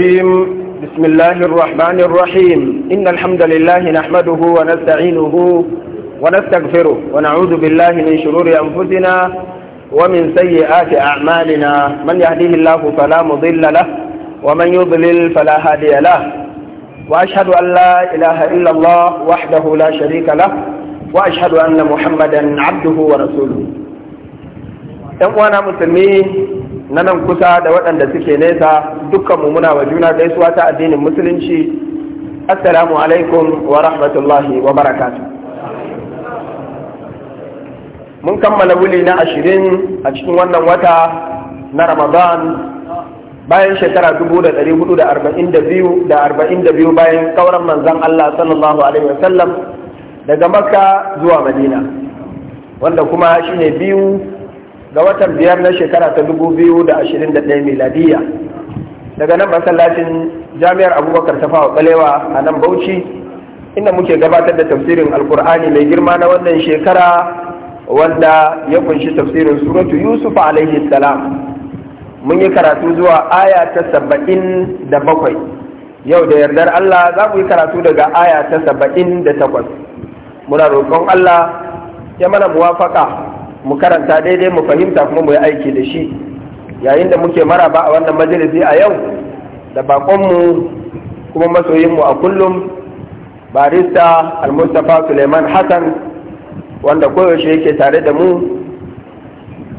بسم الله الرحمن الرحيم إن الحمد لله نحمده ونستعينه ونستغفره ونعوذ بالله من شرور أنفسنا ومن سيئات أعمالنا من يهديه الله فلا مضل له ومن يضلل فلا هادي له وأشهد أن لا إله إلا الله وحده لا شريك له وأشهد أن محمدا عبده ورسوله ‘Yan مسلمين na nan kusa da waɗanda suke nesa mu muna wa juna gaisuwa ta addinin musulunci assalamu alaikum wa rahmatullahi wa barakatu mun kammala wuli na ashirin a cikin wannan wata na ramadan bayan shekara dubu da ɗari hudu da arba'in da biyu da arba'in da biyu bayan kauran manzan Allah sallallahu alaihi wasallam daga makka zuwa madina wanda kuma shine biyu ga watan biyar na shekara ta dubu biyu da ashirin da ɗaya miladiya daga nan masallacin jami'ar abubakar ta fawa balewa a nan bauchi inda muke gabatar da tafsirin alkur'ani mai girma na wannan shekara wanda ya kunshi tafsirin suratu yusuf alaihi salam mun yi karatu zuwa aya ta saba'in da bakwai yau da yardar allah za mu yi karatu daga aya ta saba'in da takwas muna roƙon allah ya mana muwafaka mu karanta daidai mu fahimta kuma mu yi aiki da shi yayin da muke maraba a wannan majalisi a yau da bakonmu kuma masoyinmu a kullum barista Almustapha suleiman hassan wanda koyaushe yake tare da mu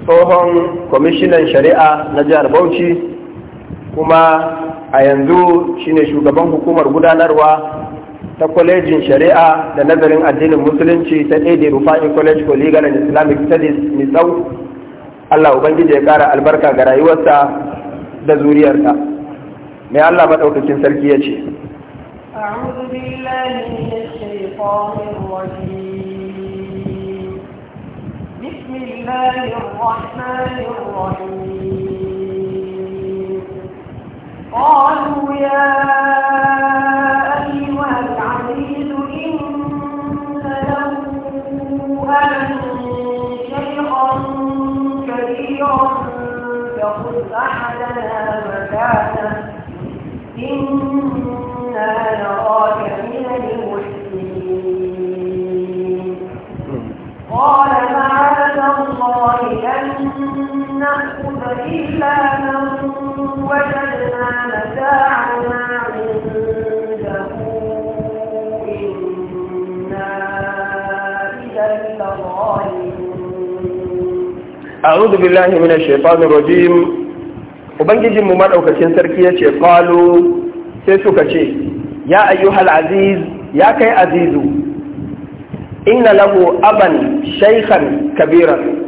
tsohon kwamishinan shari'a na jihar bauchi kuma a yanzu shine shugaban hukumar gudanarwa ta kwalejin shari'a da nazarin addinin musulunci ta ɗaiɗe rufa'i college for legal and islamic studies misau allah ubangiji ya kara albarka ga rayuwarsa da zuriyarsa mai allah maɗaukakin sarki ya ce فلانا شيخا كبيرا فخذ أحدنا مكانه إنا نراك من المحسنين قال معاذ الله أن نأخذ إلا من وجدنا متاعنا a'udhu billahi minash shaitanir rajim ubangijin sarki yace qalu sai suka ce ya ayyuhal aziz ya kai azizu inna lahu aban shaikhan kabiran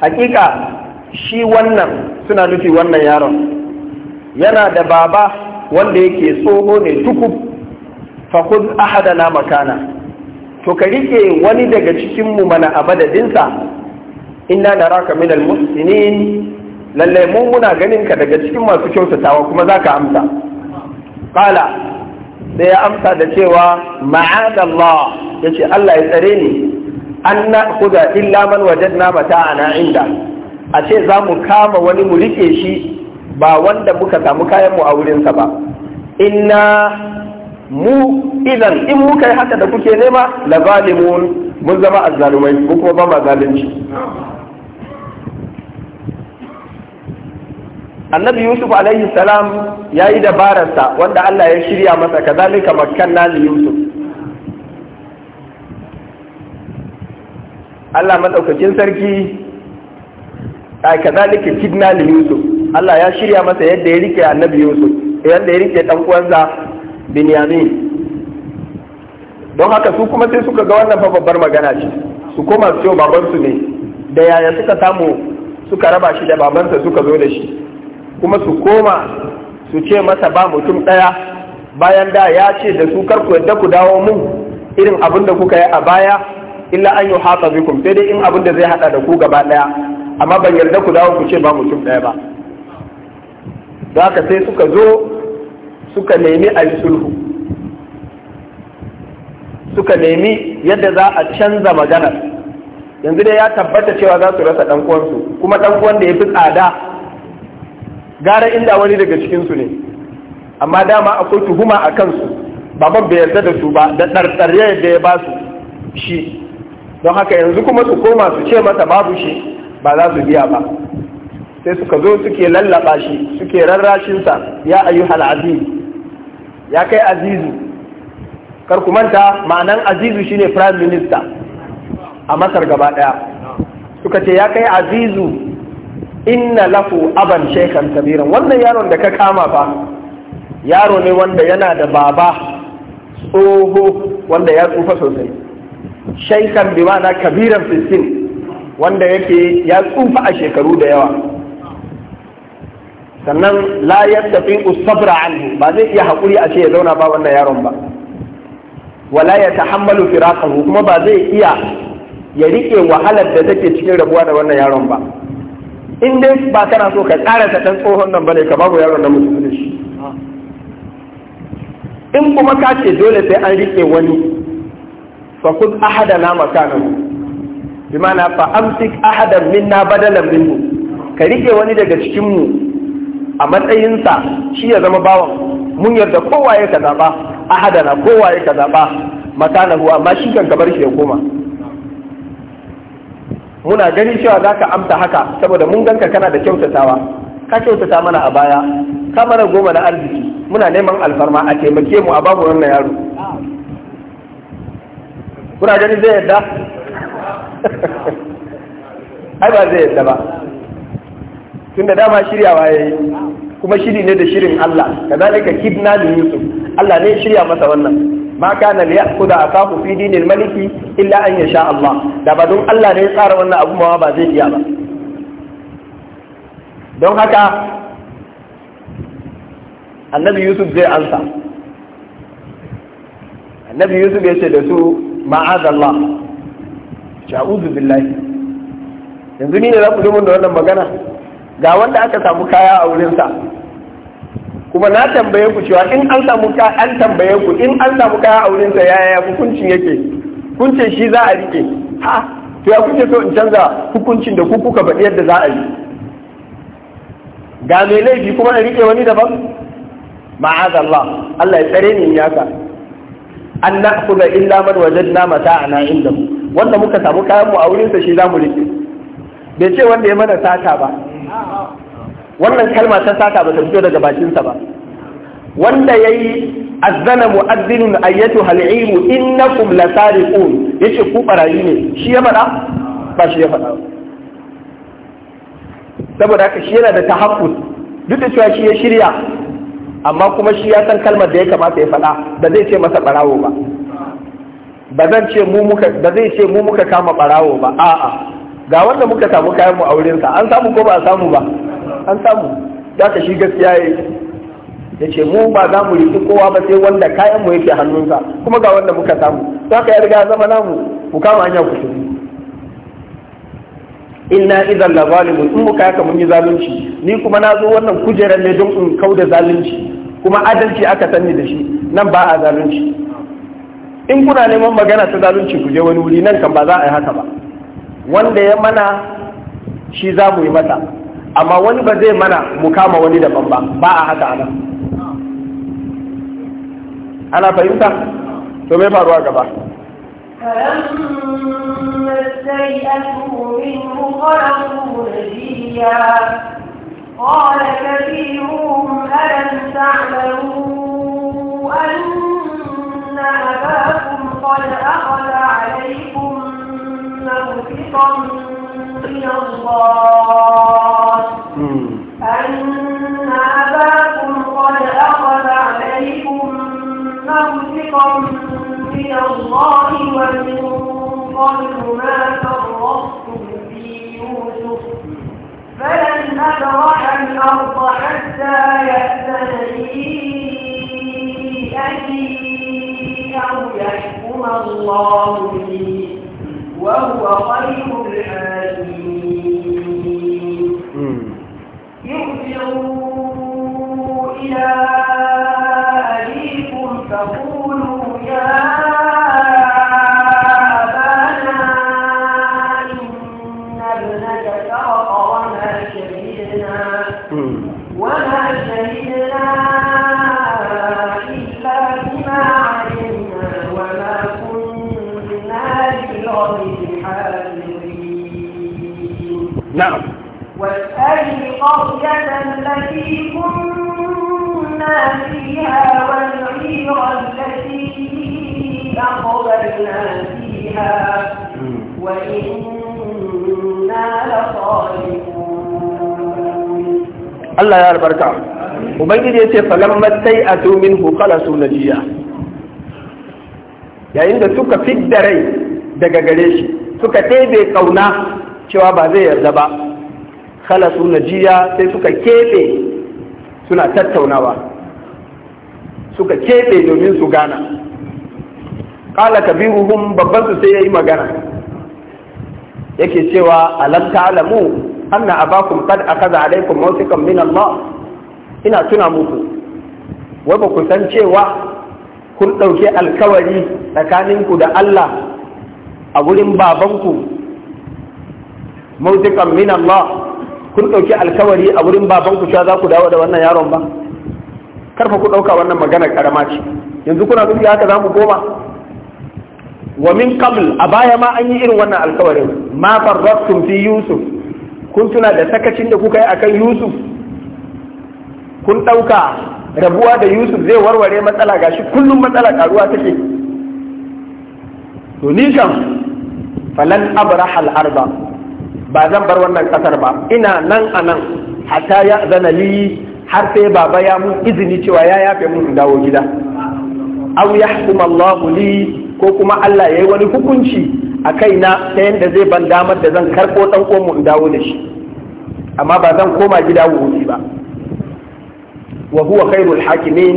hakika shi wannan suna nufi wannan yaron yana da baba wanda yake tsoho ne tukub fakun ahadana makana to ka rike wani daga cikinmu mana a madadinsa inna naraka min almuhsinin lalle mu muna ganin ka daga cikin masu kyautatawa kuma zaka amsa qala sai ya amsa da cewa ma'ad Allah yace Allah ya tsare ni an na'khudha illa man wajadna mata'ana inda a ce za mu kama wani mu rike shi ba wanda muka samu kayan mu a wurinsa ba inna mu idan in muka yi haka da kuke nema la zalimun mun zama azzalumai ko kuma ba ma zalunci annabi yusuf alaihi salam ya yi dabararsa wanda allah ya shirya masa kazalika makanna li yusuf allah maɗaukakin sarki a kazalika kidna li yusuf allah ya shirya masa yadda ya rike annabi yusuf yadda ya rike ɗan uwansa binyamin don haka su kuma sai suka ga wannan fa babbar magana ce su koma su babansu ne da yaya suka samu suka raba shi da babansa suka zo da shi kuma su koma su ce masa ba mutum ɗaya bayan da ya ce da su karku yadda ku dawo mun irin abin da kuka yi a baya illa an yi haka sai dai in abin da zai haɗa da ku gaba ɗaya amma ban yarda ku dawo ku ce ba mutum ɗaya ba da haka sai suka zo suka nemi a sulhu suka nemi yadda za a canza maganar yanzu dai ya tabbata cewa za su rasa ɗan kuma ɗan da ya fi tsada gara inda wani daga cikinsu ne amma dama akwai tuhuma a kansu baban bai yarda da su ba da ɗarɗarya da ya ba su shi don haka yanzu kuma su koma su ce masa babu shi ba za su biya ba sai suka zo suke lallaba shi suke rarrashinsa ya ayi hal'azi ya kai azizu karkumanta manta ma'anan azizu shine prime Minista a masar gaba daya suka ce ya kai azizu inna lafu aban shekan kabiran wannan yaron da ka kama ba yaro ne wanda yana da baba tsoho wanda ya tsufa sosai shekan bi mana kabiran fiskin wanda yake ya tsufa a shekaru da yawa sannan la yastafi usabra anhu ba zai iya haƙuri a ce ya zauna ba wannan yaron ba wala ya tahammalu firaqahu kuma ba zai iya ya riƙe wahalar da take cikin rabuwa da wannan yaron ba in dai ba kana so ka tsara ta ɗan tsohon nan bane ka babu yaron da mutum ne shi in kuma ka ce dole sai an rike wani fa kun na makanan bi mana fa amsik ahadan minna badalan minhu ka rike wani daga cikin mu a matsayinsa shi ya zama bawan mun yarda kowa ya ka zaba na kowa ya ka zaba makanahu amma shi kan gabar shi ya koma muna gani cewa za ka amsa haka saboda mun ganka kana da kyautatawa ka kyautata mana a baya ka mana goma na arziki muna neman alfarma a taimake mu a babu wannan yaro kuna gani zai yadda ai ba zai yadda ba tunda dama shiryawa ya kuma shiri ne da shirin Allah kazalika kidna Yusuf Allah ne shirya masa wannan ma kana li ya'khudha akahu fi dinil maliki illa an yasha Allah da ba don Allah ne ya tsara wannan abu ma ba zai iya ba don haka annabi Yusuf zai ansa annabi Yusuf ya ce da su ma'azallah sha'udu billahi yanzu ni ne za ku zo da wannan magana ga wanda aka samu kaya a wurinsa kuma na tambaye ku cewa in an samu ka an tambaye ku in an samu kaya a wurinsa yaya hukuncin yake kunce shi za a rike ha to ya kuke so in canza hukuncin da ku kuka faɗi yadda za a yi ga mai laifi kuma in rike wani daban ma'azallah Allah ya tsare ni ka an na'khudha illa man wajadna mata'ana inda. wanda muka samu kayan mu a wurinsa shi za mu rike bai ce wanda ya mana sata ba wannan kalma ta saka ba ta fito daga bakinsa ba wanda yayi azzana mu'azzinun ayyatu hal'imu innakum lasariqun yace ku barayi ne shi ya fada ba shi ya fada saboda haka shi yana da tahaffus duk da cewa shi ya shirya amma kuma shi ya san kalmar da ya kamata ya fada ba zai ce masa barawo ba ba zan ce mu muka ba zai ce mu muka kama barawo ba a'a ga wanda muka samu kayan mu a wurin sa an samu ko ba a samu ba an samu za ka shi gaskiya ya ya ce mu ba za mu rikin kowa ba sai wanda kayan mu yake hannunsa kuma ga wanda muka samu za ka ya zama namu ku kama hanyar ku tafi inna idan la mu in muka yaka mun yi zalunci ni kuma na zo wannan kujerar ne don in kauda zalunci kuma adalci aka sanni da shi nan ba a zalunci in kuna neman magana ta zalunci ku je wani wuri nan kan ba za a yi haka ba wanda ya mana shi za mu yi mata amma wani ba zai mana mu kama wani daban ba ba a haka ana ana fahimta to mai faruwa gaba فلما استيئسوا منه خلقوا نجيا قال كبيرهم ألم تعلموا أن أباكم قد أخذ عليكم موثقا من الله فريقا من الله ومن قبل ما فرطتم في يوسف فلن أبرح الأرض حتى يأذن لي أبي أو يحكم الله لي وهو خير الحاكمين Allah ya albarka ubangiji ya ce falamma matai a domin hukala su najiya yayin da suka fidda rai daga gare shi suka tebe kauna cewa ba zai yarda ba kala su najiya sai suka keɓe suna tattaunawa suka keɓe domin su gana kala ka kabiruhum babban su sai ya yi magana yake cewa alam alamu anna abakum qad akaza alaikum mawsiqan min Allah ina tuna muku wai ba ku san cewa kun ɗauki alkawari tsakaninku da Allah a wurin babanku mawsiqan min Allah kun ɗauki alkawari a wurin babanku cewa za ku dawo da wannan yaron ba karfa ku ɗauka wannan magana karama ce yanzu kuna duk da haka za mu koma wa min qabl a baya ma an yi irin wannan alkawarin ma farrattum fi yusuf kun tuna da sakacin da kuka yi a kan yusuf kun ɗauka rabuwa da yusuf zai warware matsala ga shi kullum matsala karuwa take to ni kan falan abrahal arba ba zan bar wannan ƙasar ba ina nan a nan hata ya zana li har sai baba ya mun izini cewa ya yafe mun dawo gida aw yahkum Allah li ko kuma Allah ya yi wani hukunci a kaina ta yadda zai ban damar da zan karɓo ɗan mu in dawo da shi amma ba zan koma gida wuce ba wa huwa khairul hakimin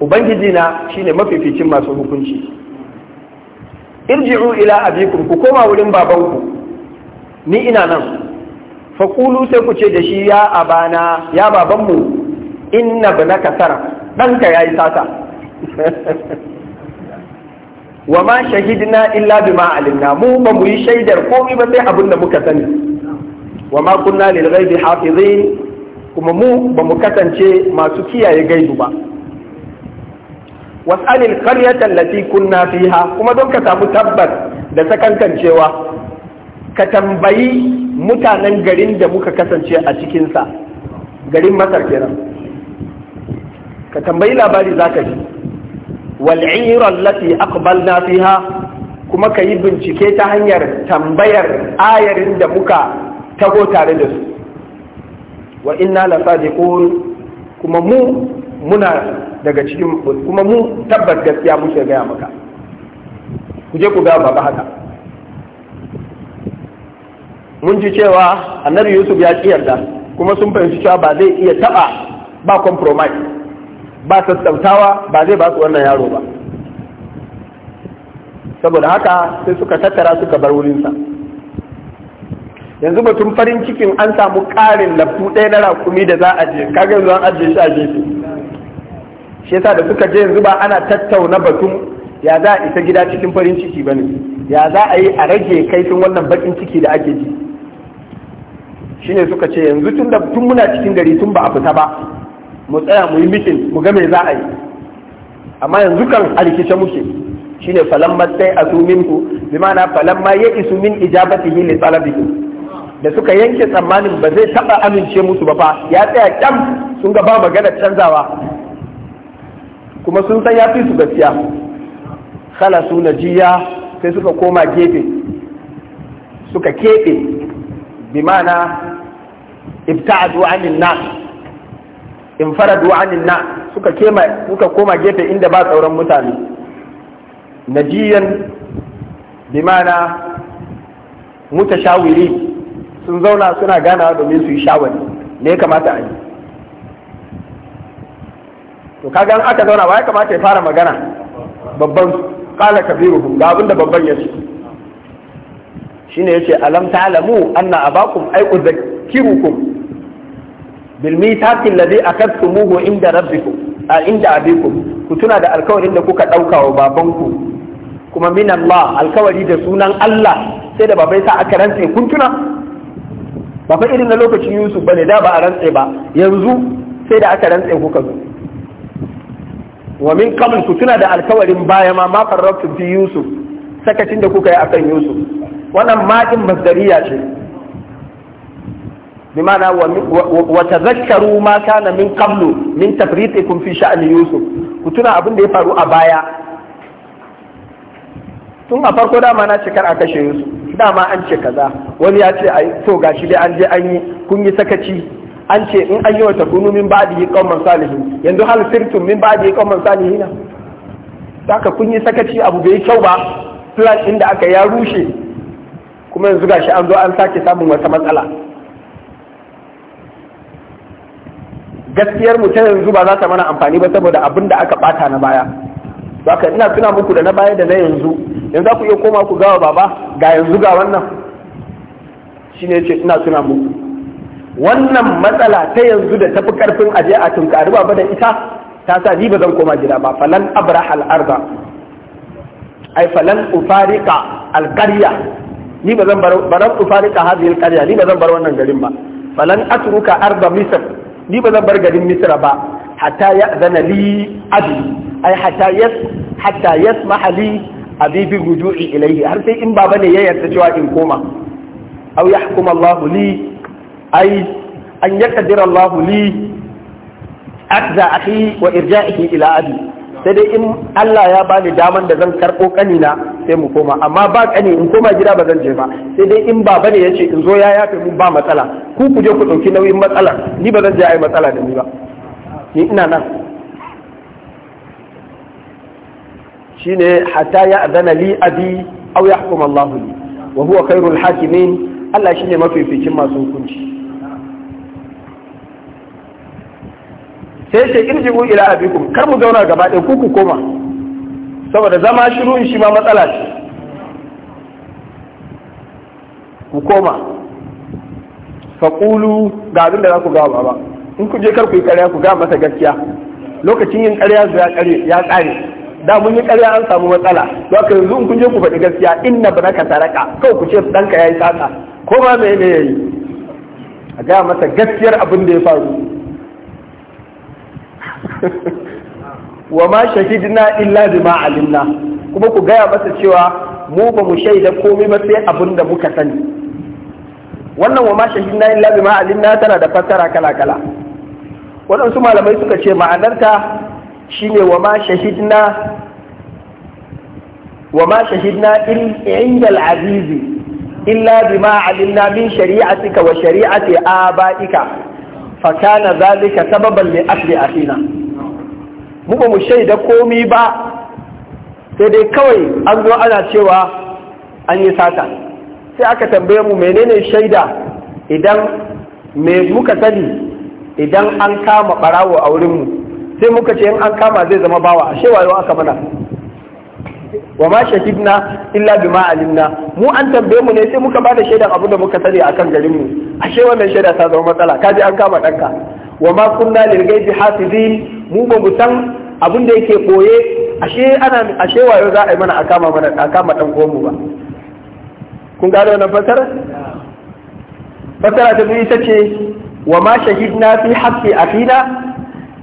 ubangiji na shine mafificin masu hukunci irji'u ila abikum ku koma wurin babanku ni ina nan fa qulu sai ku ce da shi ya abana ya babanmu inna banaka sara danka yayi tata wa ma shahidna illa bima alimna mu ba mu yi shaidar komai ba sai abin da muka sani wa ma kunna lil ghaibi hafizin kuma mu ba mu kasance masu kiyaye gaibu ba was'alil qaryatan lati kunna fiha kuma don ka samu tabbas da sakankancewa ka tambayi mutanen garin da muka kasance a cikinsa garin masar kenan ka tambayi labari za ka ji wal'ira lati aqbalna fiha kuma ka yi bincike ta hanyar tambayar ayarin da muka tago tare da su wa inna la sadiqun kuma mu muna daga cikin kuma mu tabbat gaskiya muke gaya maka ku je ku ga baba haka mun ji cewa annabi yusuf ya ƙi yarda kuma sun fahimci cewa ba zai iya taɓa ba compromise ba sassautawa ba zai ba su wannan yaro ba saboda haka sai suka tattara suka bar wurinsa yanzu batun farin cikin an samu karin lafu ɗaya na rakumi da za a je kaga yanzu ajiye shi a gefe shi yasa da suka je yanzu ba ana tattauna batun ya za a isa gida cikin farin ciki ba ne? ya za a yi a rage kaifin wannan bakin ciki da ake ji ne suka ce yanzu tun muna cikin gari tun ba a fita ba mu tsaya mu yi mitin mu ga me za a yi amma yanzu kan a muke shine falamma sai asu minku bi ma'ana falamma ya isu min ijabatihi li talabihi da suka yanke tsammanin ba zai taba amince musu ba fa ya tsaya kyam sun ga ba magana canzawa kuma sun san ya fi su gaskiya khalasu najiya sai suka koma gefe suka keɓe bi ma'ana ibta'adu anin nas in fara anin na suka kema suka koma gefe inda ba tsauran mutane najiyan bimana mutashawiri sun zauna suna ganawa domin su yi shawari me ya kamata a yi to kaga an aka zauna ba ya kamata ya fara magana babban kala kabiruhum ga abinda babban ya ce shine yace alam ta'lamu anna abakum ay udhakkirukum bil mithaqi alladhi akadtumuhu inda rabbikum a inda abikum ku tuna da alkawarin da kuka ɗauka wa babanku kuma min Allah alkawari da sunan Allah sai da babai sa aka rantse kun tuna ba fa irin na lokacin Yusuf bane da ba a rantse ba yanzu sai da aka rantse kuka zo wa min qabl ku tuna da alkawarin baya ma ma farrafu fi Yusuf sakacin da kuka yi akan Yusuf wannan ma din masdariya ce بمعنى min ما كان من قبل من تفريطكم ku tuna يوسف da ya faru a baya tun a farko dama na ce kar a kashe Yusuf dama an ce kaza wani ya ce ai to gashi dai an je an yi kun yi sakaci an ce in an yi wa takunu min ba'dihi qauman salihin yanzu hal sirtum min ba'dihi qauman salihin haka kun yi sakaci abu bai kyau ba plan da aka ya rushe kuma yanzu gashi an zo an sake samun wata matsala gaskiyar mu ta yanzu ba za ta mana amfani ba saboda abin da aka bata na baya haka ina tuna muku da na baya da na yanzu yanzu ku iya koma ku gawa baba ga yanzu ga wannan shine ce ina tuna muku wannan matsala ta yanzu da tafi karfin aje a tunkari baba da ita ta sa ni ba zan koma gida ba falan abraha al-arda ai falan Ufarika al-qarya ni ba zan bar hadhihi al-qarya ni ba zan bar wannan garin ba falan atruka arda misr ni ba zan bar garin misra ba hatta ya zana li abi ai hatta yas hatta yasmaha li abi bi ruju'i ilayhi har sai in baba ne ya yarda cewa in koma aw yahkum Allah li ai an yaqdir Allah li akza akhi wa irja'ihi ila abi sai dai in Allah ya bani daman da zan karɓo kanina sai mu koma amma ba kani in koma gida ba zan je ba sai dai in baba ne yace in zo ya yafe mun ba matsala ku ku je ku ɗauki nauyin matsalar ni ba zan je ai matsala da ni ba ni ina nan shine hatta ya adana li abi aw yahkum Allah li wa huwa khairul hakimin Allah shine mafificin masu hukunci sai ce ji ila abikum kar mu zauna gaba ɗaya ku ku koma saboda zama shiru in shi ma matsala ce ku koma faƙulu ga abin da za ku gawa ba in ku je kar ku yi ƙarya ku gawa masa gaskiya lokacin yin ƙarya ya ƙare da mun yi ƙarya an samu matsala to ka yanzu in kun je ku faɗi gaskiya inna ka taraka kawai ku ce ɗanka yayi sata ko ma me ne yayi a gaya masa gaskiyar abin da ya faru wa ma shahidna illa bima alimna kuma ku gaya masa cewa mu ba mu shaida komai ba sai abin da muka sani wannan wa ma shahidna illa bima alimna tana da fassara kala kala waɗansu malamai suka ce ma'anarta shine wa ma shahidna wa ma shahidna inda al-azizi illa bima alimna min shari'atika wa shari'ati abaika fa kana zalika sababan li asli akhina mu ba mu shaida komi ba sai dai kawai an zo ana cewa an yi sata sai aka tambaye mu menene shaida idan me muka sani idan an kama barawo a wurinmu sai muka ce in an kama zai zama bawa a shewayo aka mana wa ma shahidna illa bima alimna mu an tambaye mu ne sai muka bada shaidan abin da muka sani akan garin mu shewa wannan shaida ta zama matsala kaji an kama danka wa ma kunna lil ghaibi hafizin mu ba mu san abin da yake koye ashe ana ashe wayo za a yi mana a kama mana a kama dan uwan mu ba kun gano wannan fasara fasara ta biyu ita ce wa ma shahidna fi haqqi akhina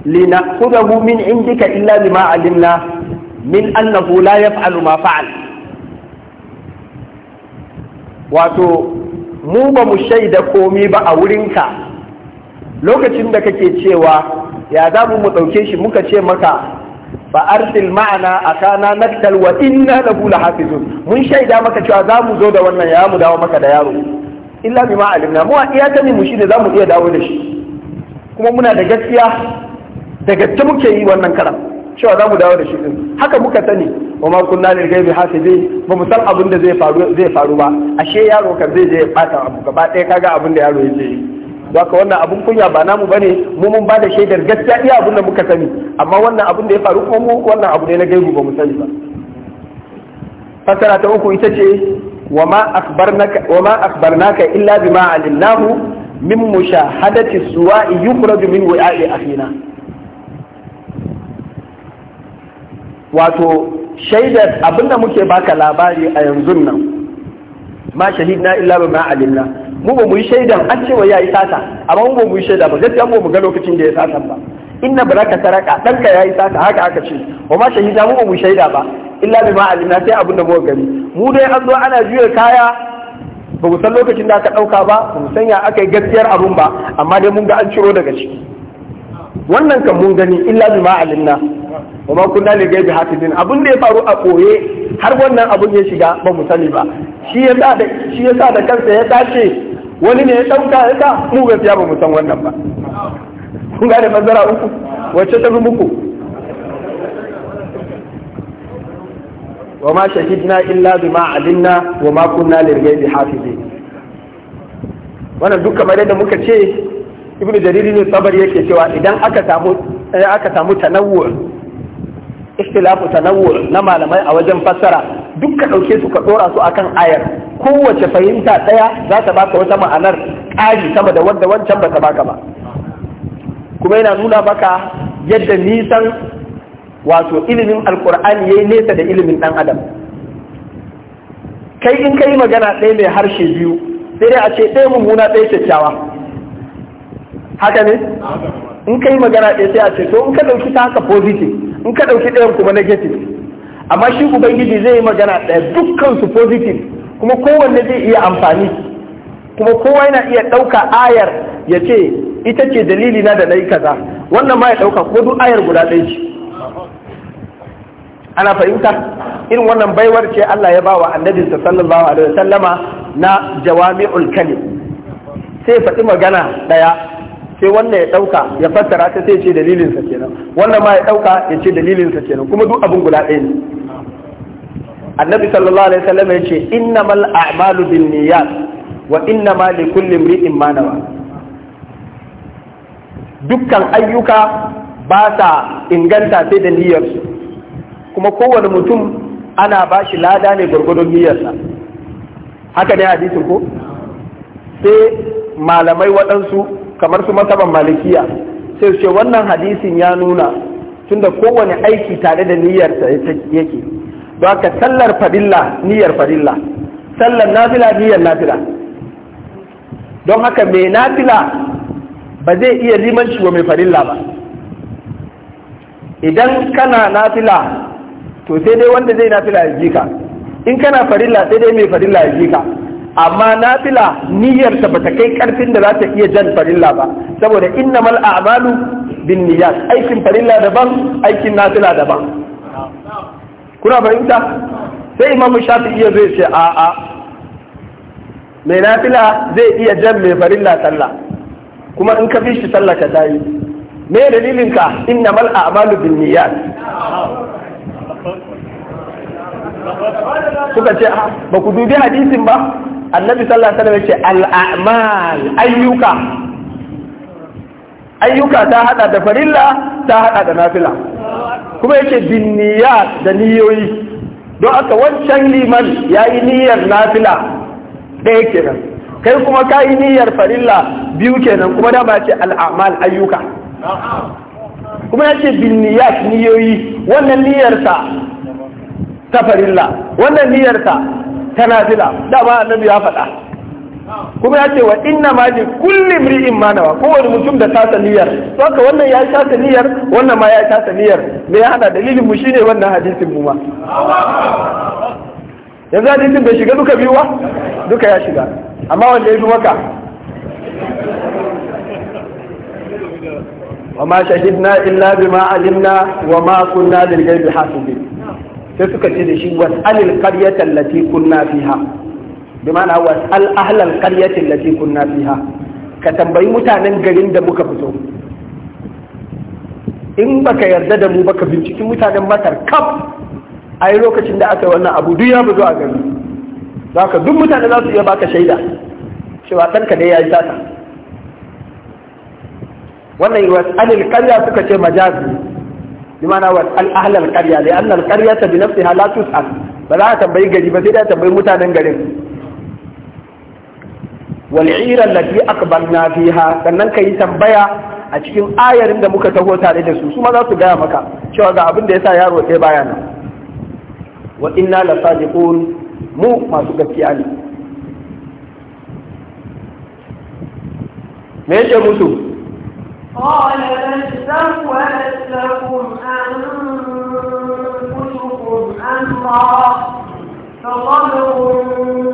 لنأخذه min indika illa lima alimna min annahu la yaf'alu ma fa'al wato mu ba mu shaida komi ba a wurinka lokacin da kake cewa ya za mu mu ɗauke shi muka ce maka ba arsil ma'ana a akana naktal wa inna hafi lahafizun mun shaida maka cewa za mu zo da wannan ya mu dawo maka da yaro illa bima alimna mu iya tani mu ne za mu iya dawo da shi kuma muna da gaskiya da gaske muke yi wannan karam cewa za mu dawo da shi din haka muka sani wa ma kunna lil ghaibi hafizin ba mu san abin da zai faru zai faru ba ashe yaro kan zai je ya bata abu gaba ɗaya kaga abin da yaro yake yi haka wannan abun kunya ba namu bane mu mun ba da shaidar gaskiya iya abun da muka sani amma wannan abun da ya faru kuma mu wannan abu ne na gaibu ba mu sani ba fasara ta uku ita ce wa ma akhbarnaka wa ma akhbarnaka illa bima alimnahu min mushahadati suwa'i yukhraju min wi'a'i akhina wato shaidar abinda muke baka labari a yanzu nan ma shahidna illa bima alimna mu ba mu yi shaidan an cewa ya yi sata amma mu ba mu yi shaida ba gaskiya mu ga lokacin da ya sata ba inna baraka taraka danka ya yi sata haka aka ce wa ma shahida mu ba mu shaida ba illa bi ma alimna sai abin da mu gani mu dai an zo ana juya kaya ba mu san lokacin da aka dauka ba ba mu san ya aka yi gaskiyar abun ba amma dai mun ga an ciro daga ciki wannan kan mun gani illa bi ma alimna wa ma kunna li gaibi hafizin abin da ya faru a koye har wannan abun ya shiga ba mu sani ba shi ya da shi da kansa ya dace wani ne ya ɗauka haka mu gaskiya ba mu san wannan ba kun gane fassara uku wacce ta fi muku wa ma shahidna illa bima alimna wa ma kunna lirghaibi hafizin wannan duk kamar yadda muka ce ibnu jariri ne sabar yake cewa idan aka samu eh, aka samu tanawwu ikhtilafu tanawwu na malamai a wajen fassara duk ka dauke su ka dora su akan ayar kowace fahimta ɗaya za ta baka wata ma'anar ƙari sama da wanda wancan ba ta baka ba kuma yana nuna maka yadda nisan wato ilimin alkur'ani ya yi nesa da ilimin ɗan adam kai in ka yi magana ɗaya mai harshe biyu sai dai a ce ɗaya mummuna ɗaya kyakkyawa haka ne in ka yi magana ɗaya sai a ce to in ka ɗauki ta haka positive in ka ɗauki ɗayan kuma negative amma shi ubangiji zai yi magana ɗaya dukkan su positive kuma kowanne zai iya amfani kuma kowa yana iya ɗauka ayar ya ce ita ce dalili na da na yi kaza wannan ma ya ɗauka ko duk ayar guda ɗaya ce ana fahimta irin wannan baiwar ce Allah ya ba wa annabinsa sallallahu alaihi wasallama na jawami'ul kalim sai faɗi magana ɗaya sai wannan ya ɗauka ya fassara ta sai ce dalilinsa kenan wannan ma ya ɗauka ya ce dalilinsa kenan kuma duk abin guda ɗaya ne annabi sallallahu alaihi wasallam ya ce innamal a'malu bin niyyat wa innama li kulli imri'in ma nawa dukkan ayyuka ba sa inganta sai da niyyarsu kuma kowane mutum ana ba shi lada ne gwargwadon niyyarsa haka ne hadisin ko sai malamai waɗansu kamar su masaban malikiya sai su ce wannan hadisin ya nuna tunda kowane aiki tare da niyyarsa yake don ka sallar fadilla niyyar fadilla sallar nafila niyyar nafila don haka mai nafila ba zai iya limanci wa mai farilla ba idan kana nafila to sai dai wanda zai nafila ya jika in kana farilla sai dai mai farilla ya jika amma nafila niyyarsa ba ta kai karfin da za ta iya jan farilla ba saboda innamal a'malu bin niyyat aikin farilla daban aikin nafila daban kuna fahimta sai imamu shafi iya zai ce a'a mai nafila zai iya jan mai farin sallah kuma in ka fi shi sallah ka yi. me dalilin ka a a'malu bin niyyat suka ce ba ku dubi hadisin ba annabi sallallahu alaihi ce al'amal ayyuka ayyuka ta hada da farilla ta hada da nafila kuma yake bin da niyoyi don aka wancan liman ya yi niyyar nafila ɗaya kenan kai kuma ka yi niyyar farilla biyu kenan kuma da ce al'amal ayyuka kuma yake binniya niyyat niyoyi wannan niyyarsa ta farilla wannan niyyarsa ta nafila da annabi ya faɗa kuma ya ce wa inna ma li kulli imri'in ma nawa kowane mutum da tasa niyyar saka wannan ya tasa niyyar wannan ma ya tasa niyyar me ya hada dalilin mu shine wannan hadisin mu ma yanzu hadisin bai shiga duka biyu ba duka ya shiga amma wanda ya fi maka wa ma وما شهدنا إلا بما علمنا وما كنا للغيب حافظين sai suka ce da shi was'alil qaryatan lati kunna fiha bi ma'ana wasal ahlal qaryatin lati kunna fiha ka tambayi mutanen garin da muka fito in baka yarda da mu baka binciki mutanen matar kaf a yi lokacin da aka yi wannan abu duk ya buzo a gari za ka duk mutanen za su iya baka shaida cewa ka ne ya yi sata wannan yi wasanil karya suka ce majazi bi ma'ana wasal ahlal karya da annal karya ta bi nafsiha la tus'al ba za a tambayi gari ba sai da tambayi mutanen garin wal'irar lati akbar na fiha sannan ka yi tambaya a cikin ayarin da muka taho tare da su su ma za su gaya maka cewa ga abin da ya sa yaro ɗaya baya nan wa inna la sadiqun mu masu gaskiya ne me yake musu قال بل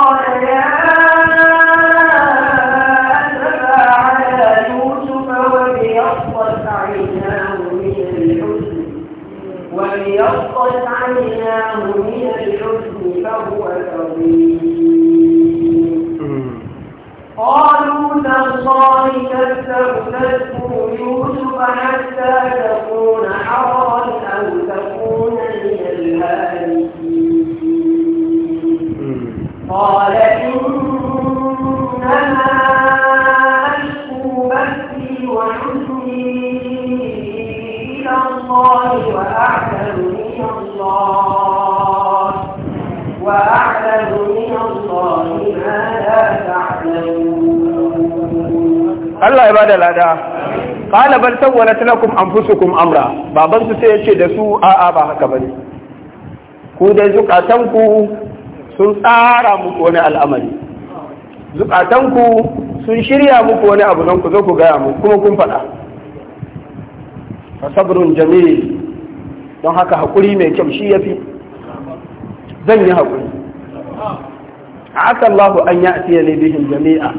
قالوا تالله تذكر يوسف حتى تكون حرا أو تكون من الهالكين قال إنما أشكو بثي وحزني إلى الله وأعلم من الله وأعلم Allah ya bada lada qala bal sawwalat lakum anfusukum amra baban su sai yace da su a'a ba haka bane ku dai zukatanku sun tsara muku wani al'amari zukatanku sun shirya muku wani abu don ku zo ku gaya mu kuma kun faɗa sabrun jamil don haka hakuri mai kyau shi yafi zan yi hakuri. aka Allah an ya asiya ne bihin jami'a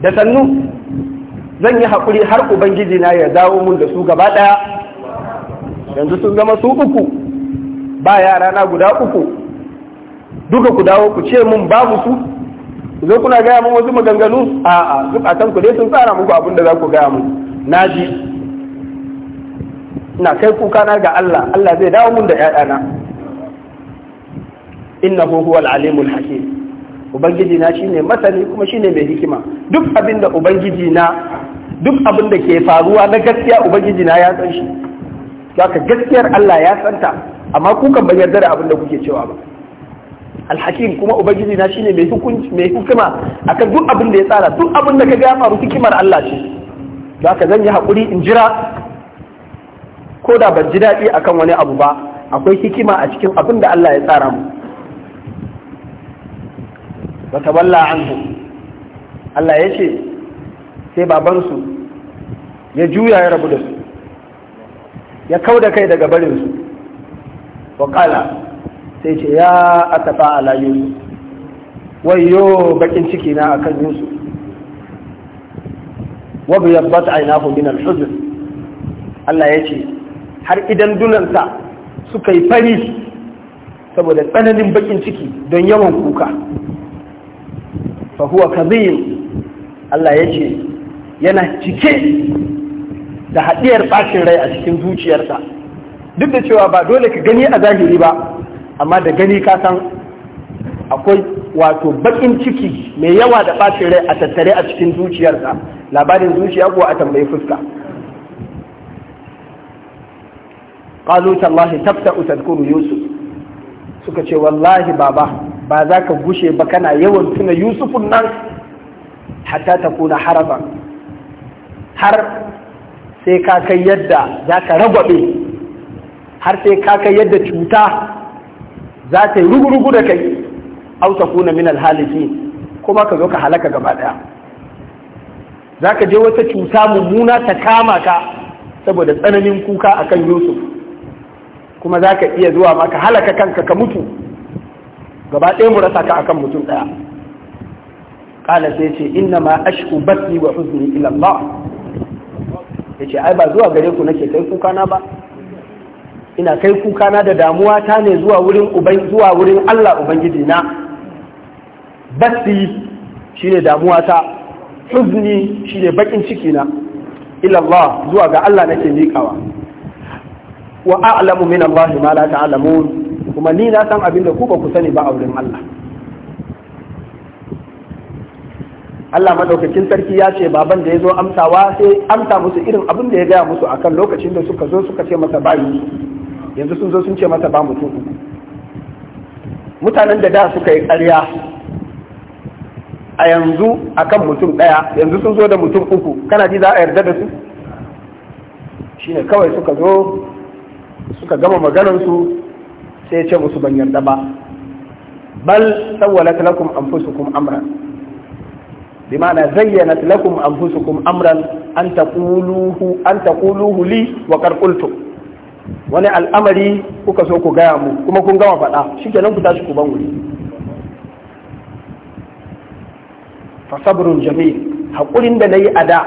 da sannu zan yi haƙuri har ubangiji na ya dawo mun da su gaba ɗaya yanzu sun zama su uku ba yara na guda uku duka ku dawo ku ce mun babu su zo kuna gaya mun wasu maganganu a'a zukatan ku dai sun tsara muku abin da za ku gaya mun na ji na kai kuka na ga Allah Allah zai dawo mun da 'ya'yana. innahu huwal alimul hakim ubangiji na shine masani kuma shine mai hikima duk abin da ubangiji na duk abin da ke faruwa na gaskiya ubangiji na ya san shi ka gaskiyar Allah ya santa amma ku kan ban yarda abin da kuke cewa ba alhakim kuma ubangiji na shine mai hukunci mai hikima akan duk abin da ya tsara duk abin da kaga ya faru hikimar Allah ce zaka zan yi hakuri in jira ko da ban ji daɗi akan wani abu ba akwai hikima a cikin abin da Allah ya tsara mu wa taballa anhu Allah ya ce sai babansu ya juya ya rabu da su ya kau da kai daga barinsu wa kala sai ce ya atafa ala yusuf wayo bakin ciki na akan yusuf wa biyabbat aynahu min al-huzn Allah ya ce har idan dunanta suka yi fari saboda tsananin bakin ciki don yawan kuka fa huwa kadhim Allah yace yana cike da hadiyar bacin rai a cikin zuciyarsa duk da cewa ba dole ka gani a zahiri ba amma da gani ka san akwai wato bakin ciki mai yawa da bacin rai a tattare a cikin zuciyarsa labarin zuciya ko a tambayi fuska qalu tallahi tafta tadhkuru yusuf suka ce wallahi baba ba za ka gushe ba kana yawan tuna yusufun nan hatta ta kuna haraban har sai ka kai yadda za ka ragwabe har sai ka kai yadda cuta za ta yi rugurugu da kai au ta kuna min alhaliki kuma ka zo ka halaka gaba daya za ka je wata cuta mummuna ta kama ka saboda tsananin kuka akan yusuf kuma za ka iya zuwa maka halaka kanka ka mutu gaba ɗaya mu rasa ka akan mutum ɗaya Ƙana sai ce inna ma ashku batni wa huzni ila Allah yace ai ba zuwa gare ku nake kai kuka na ba ina kai kuka na da damuwa ta ne zuwa wurin uban zuwa wurin Allah ubangiji na basi shine damuwa ta huzni shine bakin ciki na ila Allah zuwa ga Allah nake miƙawa wa a'lamu min Allah ma la ta'lamun kuma ni na san abin da ku ba ku sani ba a wurin Allah Allah madaukakin sarki ya ce baban da ya zo amsawa sai amsa musu irin abin da ya gaya musu akan lokacin da suka zo suka ce masa ba yanzu sun zo sun ce masa ba mutum uku mutanen da da suka yi ƙarya a yanzu akan mutum ɗaya yanzu sun zo da mutum uku kana ji za a yarda da su shine kawai suka zo suka gama maganansu sai ce musu ban yarda ba bal sawwalat lakum anfusukum amran ma'ana zayyanat lakum anfusukum amran an taquluhu an taquluhu li wa qad qultu wani al'amari kuka so ku gaya mu kuma kun gama faɗa shikenan ku tashi ku ban wuri fa sabrun jamil haƙurin da nayi ada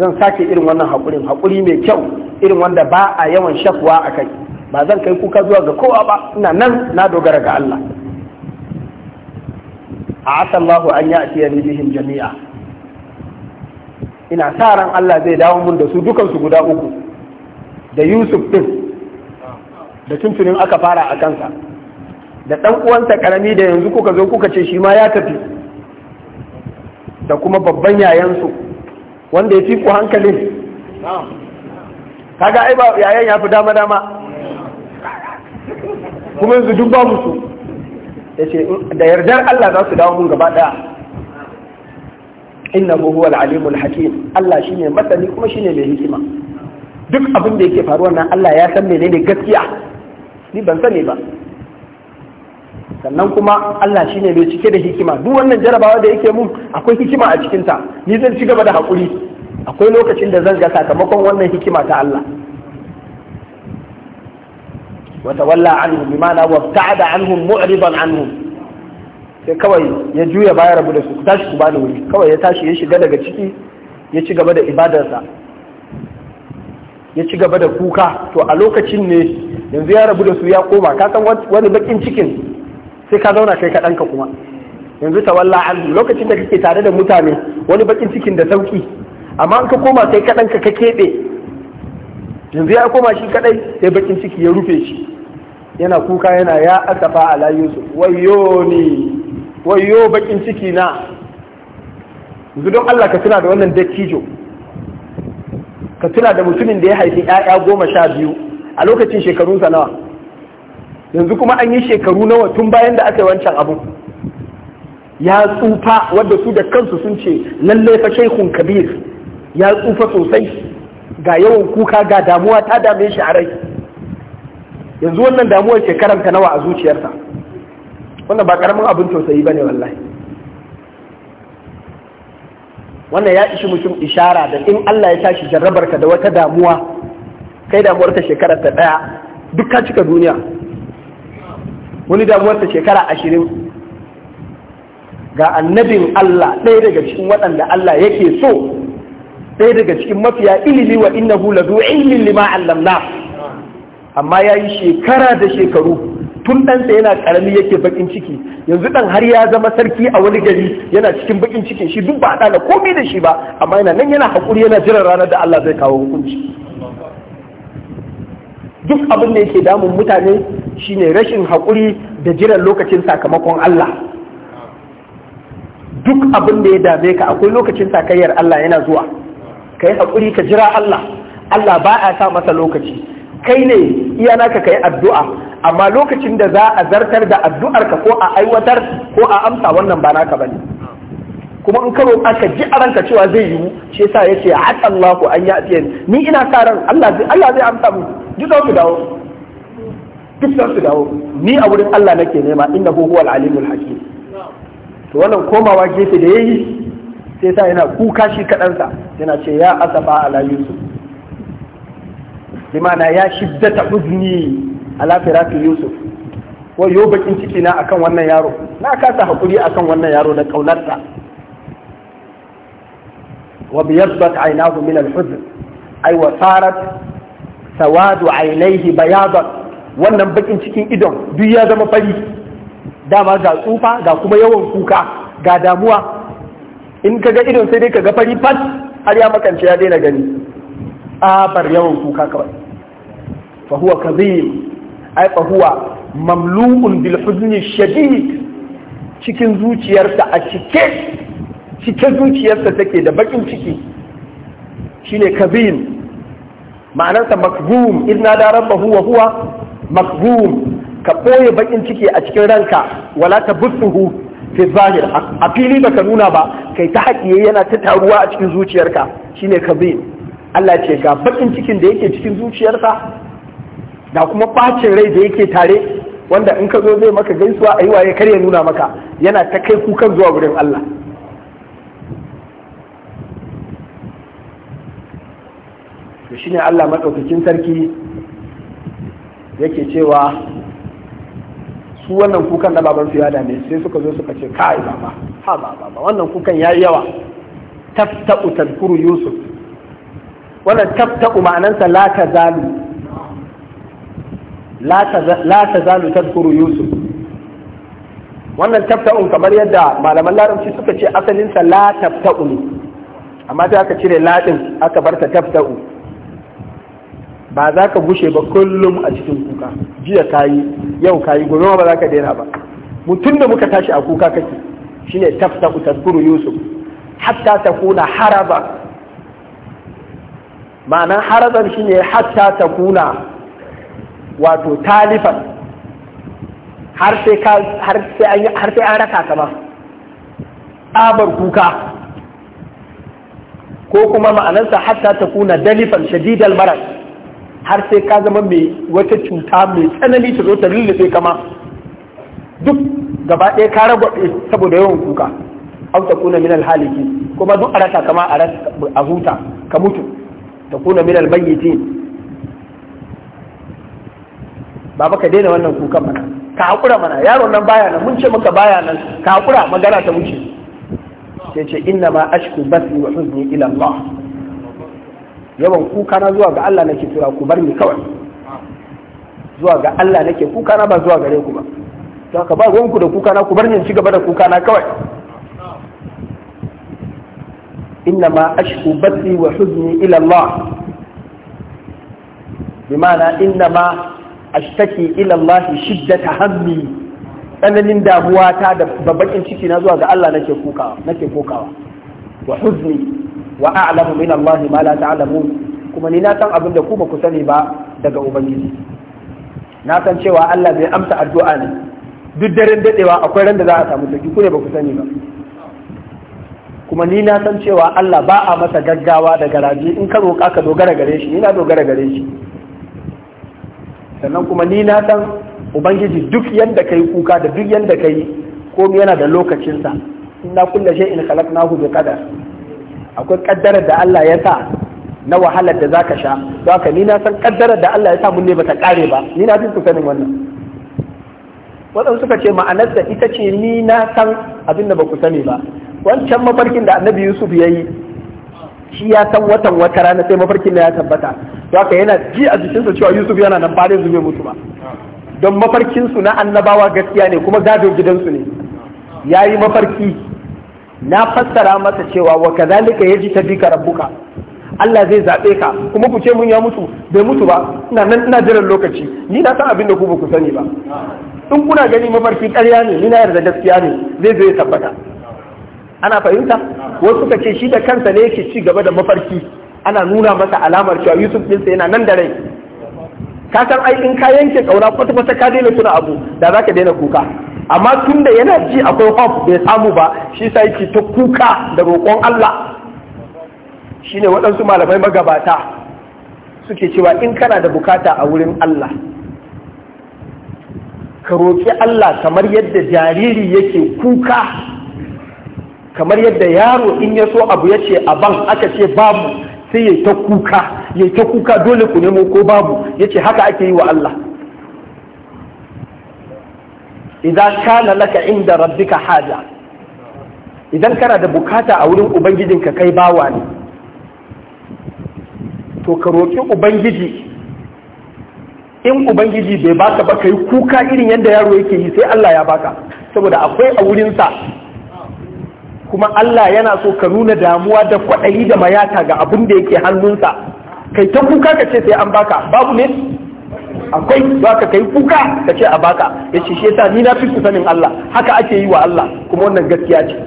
zan sake irin wannan haƙurin haƙuri mai kyau irin wanda ba a yawan shakwa a kai ba zan kai kuka zuwa ga kowa ba ina nan na dogara ga Allah a asallahu an ya ake ni jami'a ina sa ran Allah zai dawo mun da su dukansu guda uku da Yusuf din da tuntunin aka fara a kansa da ɗan uwansa karami da yanzu kuka zo kuka ce shi ma ya tafi da kuma babban yayansu wanda ya fi ku hankalin kaga ai ba yayan ya fi dama dama kuma yanzu duk babu su ya ce da yardar Allah za su dawo mun gaba ɗaya. inna huwa al hakim Allah shine masani kuma shine mai hikima duk abin da yake faruwa nan Allah ya san menene gaskiya ni ban sani ba sannan kuma Allah shine mai cike da hikima duk wannan jarabawa da yake mun akwai hikima a cikin ta ni zan ci gaba da haƙuri akwai lokacin da zan ga sakamakon wannan hikima ta Allah وتولى عنهم بمعنى وابتعد عنهم معرضا عنهم sai kawai ya juya baya rabu da su ku tashi ku bani wuri kawai ya tashi ya shiga daga ciki ya ci gaba da ibadarsa ya ci gaba da kuka to a lokacin ne yanzu ya rabu da su ya koma ka san wani bakin cikin sai ka zauna kai kaɗan ka kuma yanzu tawalla an lokacin da kake tare da mutane wani bakin cikin da sauki amma an ka koma kai kaɗan ka ka keɓe yanzu ya koma shi kaɗai sai bakin ciki ya rufe shi yana kuka yana ya asafa ala yusuf wayo ni wayo bakin ciki na yanzu don Allah ka tuna da wannan dattijo ka tuna da mutumin da ya haifi ƴaƴa goma sha biyu a lokacin shekarunsa nawa yanzu kuma an yi shekaru nawa tun bayan da aka yi wancan abu ya tsufa wadda su da kansu sun ce lallai fa shaikhun kabir ya tsufa sosai ga yawan kuka ga damuwa ta dame shi a rai yanzu wannan damuwar shekaran ta nawa a zuciyarta wannan ba karamin abin tausayi bane wallahi wannan ya ishi mutum ishara da in Allah ya tashi jarrabar ka da wata damuwa kai damuwar ta shekarar ta daya duk ka cika duniya wani damuwar ta shekara ashirin ga annabin Allah ɗaya daga cikin waɗanda Allah yake so ɗaya daga cikin mafiya ilimi wa innahu ladu ilmin lima allamna amma ya yi shekara da shekaru tun ɗansa yana ƙarami yake baƙin ciki yanzu ɗan har ya zama sarki a wani gari yana cikin baƙin cikin shi duk ba a ɗana komai da shi ba amma yana nan yana haƙuri yana jiran ranar da Allah zai kawo hukunci duk abin da yake damun mutane shine rashin haƙuri da jiran lokacin sakamakon Allah duk abin da ya dame ka akwai lokacin sakayyar Allah yana zuwa ka yi haƙuri ka jira Allah Allah ba a sa masa lokaci kai ne iya naka kai addu'a amma lokacin da za a zartar da addu'arka ko a aiwatar ko a amsa wannan ba naka bane kuma in karo aka ji a ranka cewa zai yiwu shi yasa yace atallahu an ya'tiyan ni ina sa ran Allah zai amsa mu duk za su dawo duk za su dawo ni a wurin Allah nake nema innahu huwal alimul hakim to wannan komawa gefe da yayi sai sa yana kuka shi kaɗansa, yana ce ya asafa ala yusuf bimana ya shiddata uzni ala firaqi yusuf wa yo bakin ciki na akan wannan yaro na kasa hakuri akan wannan yaro da kaunarsa wa biyaddat aynahu min alhuzn ay wa sarat sawadu aynayhi bayadan wannan bakin cikin idon duk ya zama fari dama ga tsufa ga kuma yawan kuka ga damuwa in kaga idon sai dai kaga fari fat har ya makance ya daina gani bar yawan kuka kawai fa huwa kadhib ai fa huwa mamlu'un bil huzni shadid cikin zuciyarsa a cike cike zuciyarsa take da bakin ciki shine kabin ma'anarsa makzum idna da rabbahu wa huwa makzum ka ɓoye bakin ciki a cikin ranka wala ta busuhu fi zahir a fili baka nuna ba kai ta haƙiye yana ta taruwa a cikin zuciyarka shine kabin Allah ce ga bakin cikin da yake cikin zuciyarka da kuma bacin rai da yake tare wanda in ka zo zai maka gaisuwa a yi waye kar ya nuna maka yana ta kai kukan zuwa wurin Allah to shine Allah maɗaukakin sarki yake cewa su wannan kukan na baban su ya dame sai suka zo suka ce kai baba ha baba wannan kukan yayi yawa tafta'u tadkuru yusuf wannan tafta'u ma'anansa la tazalu la ta zalu tadkuru yusuf wannan tabta'un kamar yadda malaman larabci suka ce asalinsa la tabta'un amma ta aka cire ladin aka bar ta tabta'u ba za ka gushe ba kullum a cikin kuka jiya kayi yau kayi gobe ba za ka daina ba mutum da muka tashi a kuka kake shine tabta'u tadkuru yusuf hatta ta kuna haraba ma'anan haraban shine hatta ta kuna wato talifan har sai an raka kama tsabar kuka ko kuma ma'anarsa hatta ta kuna dalifan shadidal marar har sai ka zama mai wata cuta mai tsanani ta zo ta lullufe kama duk gaba ɗaya ka ragwaɗe saboda yawan kuka au ta kuna minal haliki kuma duk a rasa kama a huta ka mutu ta kuna minal mayyiti baba ka daina wannan kukan mana ka haƙura mana yaron nan baya nan mun ce maka baya nan ka haƙura magana ta wuce sai ce inna ma ashku basni wa huzni ila Allah yawan kuka na zuwa ga Allah nake tura ku bar ni kawai zuwa ga Allah nake kuka na ba zuwa gare ku ba to ka ba ruwanku da kuka na ku bar ni ci gaba da kuka na kawai inna ma ashku basni wa huzni ila Allah ma'ana inna ma ashtaki ila Allah shiddata hammi tsananin damuwa ta da babakin ciki na zuwa ga Allah nake kokawa nake kokawa wa huzni wa a'lamu min Allah ma la ta'lamu kuma ni na san abin da ku ba ku sani ba daga ubangiji na san cewa Allah bai amsa addu'a ne duk daren dadewa akwai ran da za a samu saki ku ne ba ku sani ba kuma ni na san cewa Allah ba a masa gaggawa da garaji in ka roƙa ka dogara gare shi ni na dogara gare shi sannan kuma ni na san ubangiji duk yadda kai kuka da duk yadda kai komai yana da lokacinsa inna kulla shay'in khalaqnahu bi qadar akwai kaddara da Allah ya sa na wahalar da zaka sha don haka ni na san kaddarar da Allah ya sa mun ne bata kare ba ni na ku sanin wannan waɗansu suka ce ma'anar da ita ce ni na san abin da ba ku sani ba wancan mafarkin da annabi yusuf ya yi shi ya san watan wata rana sai mafarkin ya tabbata to haka yana ji a jikinsa cewa Yusuf yana nan bare zube mutu ba don mafarkin su na annabawa gaskiya ne kuma gado gidansu ne yayi mafarki na fassara masa cewa wa kadhalika yaji tabika rabbuka Allah zai zaɓe ka kuma ku ce mun ya mutu bai mutu ba ina nan ina jiran lokaci ni na san abin da ku ba ku sani ba in kuna gani mafarki ƙarya ne ni na yarda gaskiya ne zai zo ya tabbata ana fahimta wasu suka ce shi da kansa ne yake ci gaba da mafarki ana nuna masa alamar cewa Yusuf ɗinsa yana nan da rai ka san ai in ka yanke kaura kwata kwata ka daina tuna abu da zaka daina kuka amma tun da yana ji akwai hof bai samu ba shi sa yake ta kuka da roƙon Allah shine waɗansu malamai magabata suke cewa in kana da bukata a wurin Allah ka roƙi Allah kamar yadda jariri yake kuka kamar yadda yaro in ya so abu ya ce a ban aka ce babu sai ya ta kuka ya ta kuka dole ku nemo ko babu ya ce haka ake yi wa Allah idan kana laka inda rabbika haja idan kana da bukata a wurin ubangijinka kai bawa ne to ka roƙi ubangiji in ubangiji bai baka ba kai kuka irin yadda yaro yake yi sai Allah ya baka saboda akwai a wurinsa kuma Allah yana so ka nuna damuwa da kwaɗayi da mayata ga abin da yake hannunsa kai ta kuka ka ce sai an baka babu ne akwai za ka kai kuka ka ce a baka ya ce shi yasa ni na fi sanin Allah haka ake yi wa Allah kuma wannan gaskiya ce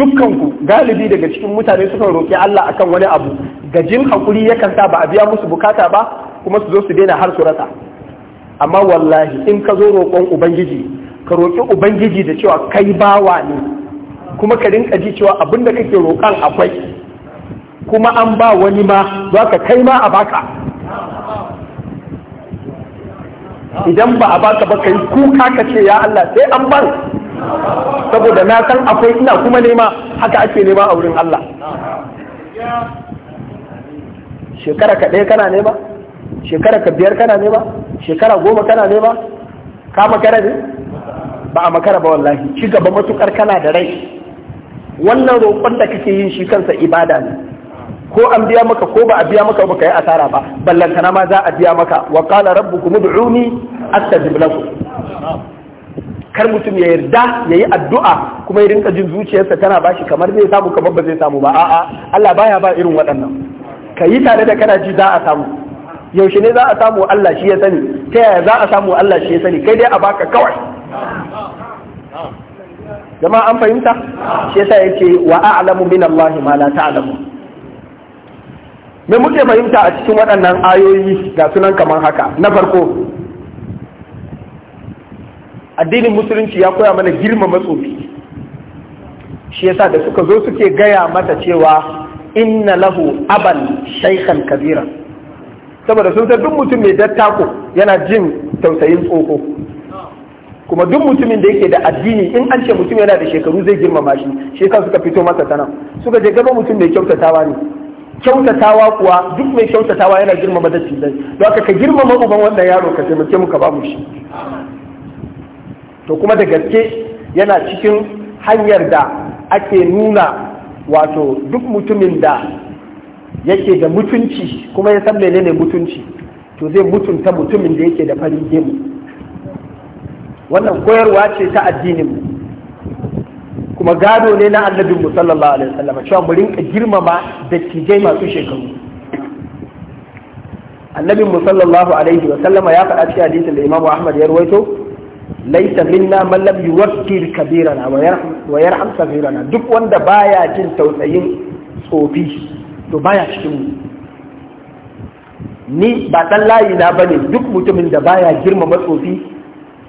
dukkanku galibi daga cikin mutane suka roƙi Allah akan wani abu gajin hakuri yakan sa ba a biya musu bukata ba kuma su zo su daina har su rasa amma wallahi in ka zo roƙon ubangiji ka roƙi ubangiji da cewa kai bawa ne kuma ka rinka ji cewa abin da kake roƙan akwai kuma an ba wani ma za ka kai ma a baka idan ba a baka ba kai kuka ka ce ya Allah sai an ban saboda na san akwai ina kuma nema haka ake nema a wurin Allah shekara ka ɗaya kana nema shekara ka biyar kana nema shekara goma kana nema ka makara ne ba a makara ba wallahi ci gaba matukar kana da rai wannan roƙon da kake yin shi kansa ibada ne ko an biya maka ko ba a biya maka ba kai asara ba ballantana ma za a biya maka wa qala rabbukum ud'uni astajib lakum kar mutum ya yarda ya yi addu'a kuma ya rinka jin zuciyarsa tana bashi kamar zai samu kamar ba zai samu ba a'a Allah baya ba irin waɗannan kayi tare da kana ji za a samu yaushe ne za a samu Allah shi ya sani ta yaya za a samu Allah shi ya sani kai dai a baka kawai jama'a an fahimta shi yasa yake wa a'lamu min Allah ma la ta'lamu me muke fahimta a cikin waɗannan ayoyi ga sunan kamar haka na farko addinin musulunci ya koya mana girmama tsofi shi yasa da suka zo suke gaya mata cewa inna lahu aban shaykhan kabira saboda sun san duk mutum mai dattako yana jin tausayin tsoko kuma duk mutumin da yake da addini in an ce mutum yana da shekaru zai girmama shi shi kan suka fito masa ta suka je gaba mutum mai kyautatawa ne kyautatawa kuwa duk mai kyautatawa yana girmama da cizai don haka ka girmama uban wannan yaro ka taimake mu ka ba mu shi to kuma da gaske yana cikin hanyar da ake nuna wato duk mutumin da yake da mutunci kuma ya san menene mutunci to zai mutunta mutumin da yake da farin gemu wannan koyarwa ce ta addinin mu kuma gado ne na annabin mu sallallahu alaihi wasallam cewa mu rinka girmama dattijai masu shekaru annabin mu sallallahu alaihi wasallam ya faɗa cikin hadisin da imamu ahmad ya ruwaito Laita, minna man lam yuwakkir kabirana wa yarham sabirana duk wanda baya jin tausayin tsofi to baya cikin mu ni ba dan layi na bane duk mutumin da baya girmama tsofi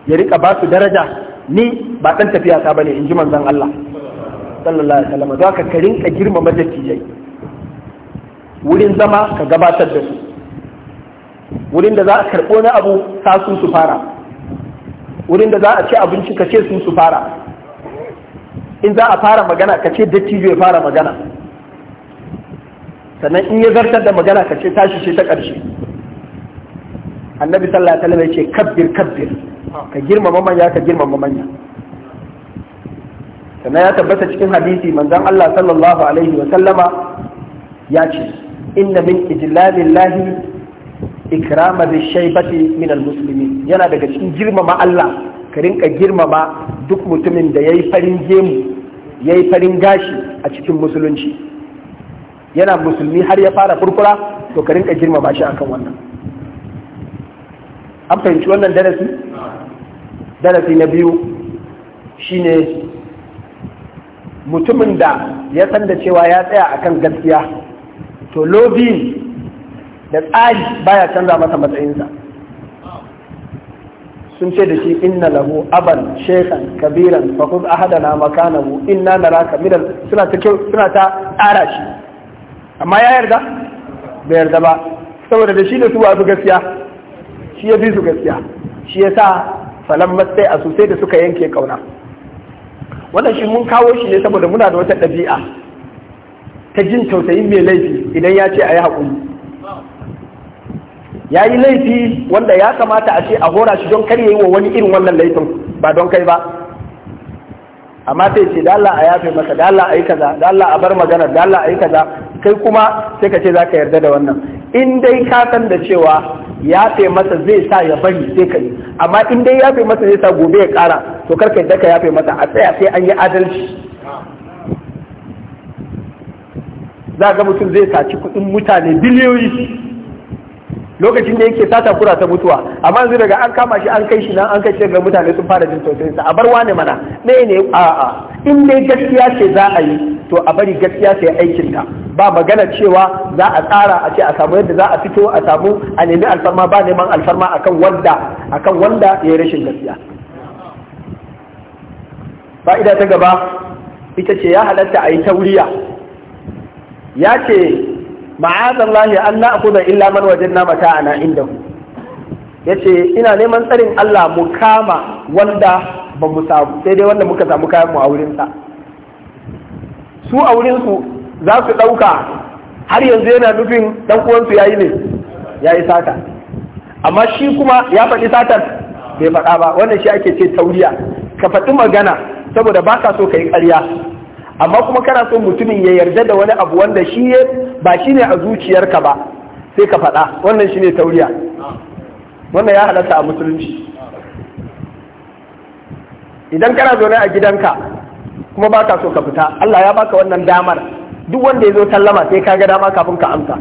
ya rika ba su daraja ni ba dan tafiya ta bane in ji manzon Allah sallallahu alaihi wasallam don ka rinka girmama majalisai wurin zama ka gabatar da su wurin da za a karɓo na abu ta sun su fara wurin da za a ci abinci ka ce sun su fara in za a fara magana ka ce dattijo ya fara magana sannan in ya zartar da magana ka ce tashi ce ta ƙarshe annabi sallallahu alaihi wasallam ya ce kabbir kabbir ka girmama manya ka girmama manya sannan ya tabbata cikin hadisi manzon Allah sallallahu alaihi wa sallama ya ce inna min ijlalillahi ikrama bi shaybati min yana daga cikin girmama Allah ka rinka girmama duk mutumin da yi farin gemu yayi farin gashi a cikin musulunci yana musulmi har ya fara kurkura to ka rinka girmama shi akan wannan an fahimci wannan darasi darasi na biyu shine mutumin da ya san da cewa ya tsaya akan gaskiya to lobi da tsari baya canza masa matsayinsa sun ce da shi inna lahu aban shekan kabiran a hada na makanahu inna naraka minal suna ta suna ta tsara shi amma ya yarda bai yarda ba saboda da shi da su wasu gaskiya shi ya fi su gaskiya shi ya sa falan matsayi a sosai da suka yanke kauna wannan shi mun kawo shi ne saboda muna da wata ɗabi'a ta jin tausayin mai laifi idan ya ce a yi haƙuri ya yi laifi wanda ya kamata a ce a hora shi don kar yi wa wani irin wannan laifin ba don kai ba amma sai ce da Allah a yafe masa da Allah a yi kaza da Allah a bar magana da Allah a yi kaza kai kuma sai ka ce za ka yarda da wannan in dai ka san da cewa ya fe masa zai sa ya bari sai ka yi amma in dai ya fe masa zai sa gobe ya kara to karka yadda ka ya fe masa a tsaya sai an yi adalci za ga mutum zai saci kuɗin mutane biliyoyi lokacin da yake sata kura ta mutuwa amma yanzu daga an kama shi an kai shi nan an kai shi ga mutane sun fara jin tausayin sa a bar wane mana ne ne a a in dai gaskiya ce za a yi to a bari gaskiya yi aikin ta ba magana cewa za a tsara a ce a samu yadda za a fito a samu a nemi alfarma ba neman alfarma akan wanda akan wanda ya yi rashin gaskiya fa'ida ta gaba ita ce ya halatta a yi tauriya ya ce allah an na'khudha illa man wajadna mata'ana indahu yace ina neman tsarin Allah mu kama wanda ba mu samu sai dai wanda muka samu kayan mu a wurin su a wurin su za su dauka har yanzu yana nufin dan uwansu yayi ne yayi sata amma shi kuma ya faɗi satar bai faɗa ba wannan shi ake ce tauriya ka faɗi magana saboda baka so ka yi ƙarya amma kuma kana son mutumin ya yarda da wani abu wanda shi ba shi ne a zuciyarka ba sai ka faɗa wannan shi ne tauriya wannan ya halatta a musulunci idan kana zaune a gidanka kuma baka so ka fita Allah ya baka wannan damar duk wanda ya zo sallama sai ka ga dama kafin ka amsa